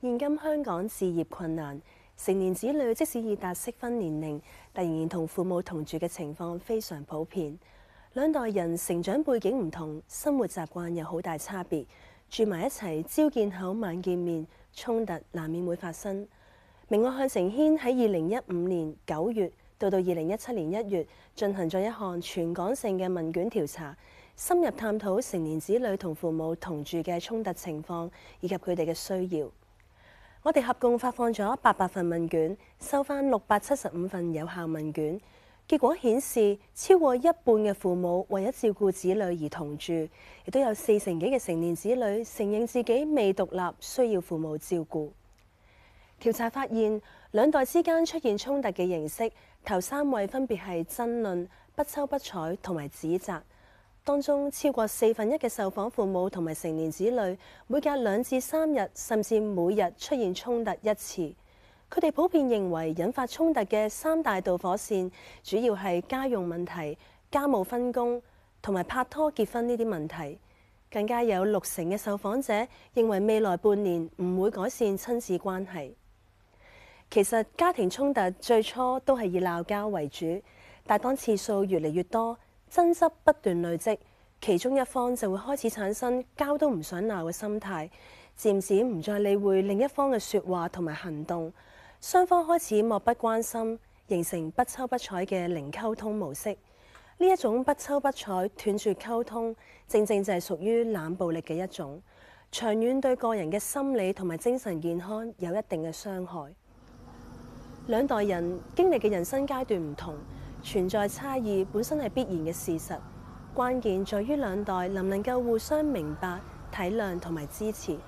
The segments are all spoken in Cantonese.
現今香港置業困難，成年子女即使已達適婚年齡，但仍然同父母同住嘅情況非常普遍。兩代人成長背景唔同，生活習慣有好大差別，住埋一齊，朝見口，晚見面，衝突難免會發生。明愛向晴軒喺二零一五年九月。到到二零一七年一月，進行咗一項全港性嘅問卷調查，深入探討成年子女同父母同住嘅衝突情況以及佢哋嘅需要。我哋合共發放咗八百份問卷，收返六百七十五份有效問卷。結果顯示，超過一半嘅父母為咗照顧子女而同住，亦都有四成幾嘅成年子女承認自己未獨立，需要父母照顧。調查發現，兩代之間出現衝突嘅形式頭三位分別係爭論、不瞅不睬同埋指責。當中超過四分一嘅受訪父母同埋成年子女每隔兩至三日，甚至每日出現衝突一次。佢哋普遍認為引發衝突嘅三大導火線，主要係家用問題、家務分工同埋拍拖結婚呢啲問題。更加有六成嘅受訪者認為未來半年唔會改善親子關係。其實家庭衝突最初都係以鬧交為主，但當次數越嚟越多，爭執不斷累積，其中一方就會開始產生交都唔想鬧嘅心態，漸漸唔再理會另一方嘅説話同埋行動，雙方開始漠不關心，形成不瞅不睬嘅零溝通模式。呢一種不瞅不睬、斷絕溝通，正正就係屬於冷暴力嘅一種，長遠對個人嘅心理同埋精神健康有一定嘅傷害。兩代人經歷嘅人生階段唔同，存在差異本身係必然嘅事實。關鍵在於兩代能唔能夠互相明白、體諒同埋支持。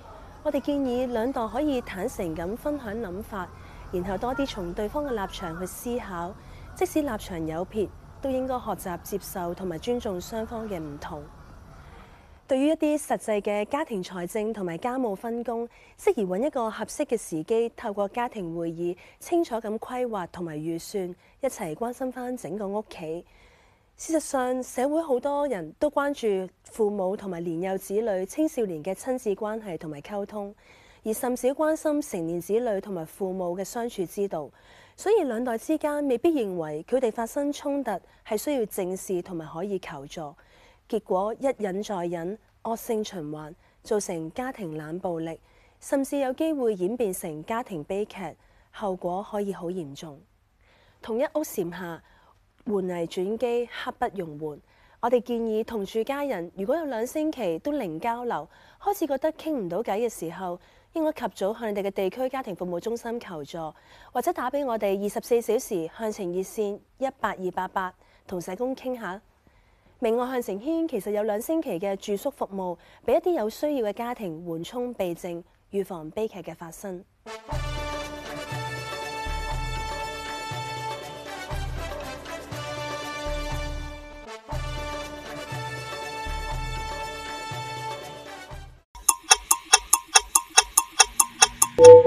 我哋建議兩代可以坦誠咁分享諗法，然後多啲從對方嘅立場去思考。即使立場有別，都應該學習接受同埋尊重雙方嘅唔同。對於一啲實際嘅家庭財政同埋家務分工，適宜揾一個合適嘅時機，透過家庭會議清楚咁規劃同埋預算，一齊關心返整個屋企。事實上，社會好多人都關注父母同埋年幼子女、青少年嘅親子關係同埋溝通，而甚少關心成年子女同埋父母嘅相處之道。所以兩代之間未必認為佢哋發生衝突係需要正視同埋可以求助。結果一忍再忍，惡性循環造成家庭冷暴力，甚至有機會演變成家庭悲劇，後果可以好嚴重。同一屋檐下，緩危轉機刻不容緩。我哋建議同住家人，如果有兩星期都零交流，開始覺得傾唔到偈嘅時候，應該及早向你哋嘅地區家庭服務中心求助，或者打俾我哋二十四小時向晴熱線一八二八八，同社工傾下。明愛向晴軒其實有兩星期嘅住宿服務，俾一啲有需要嘅家庭緩衝備症，預防悲劇嘅發生。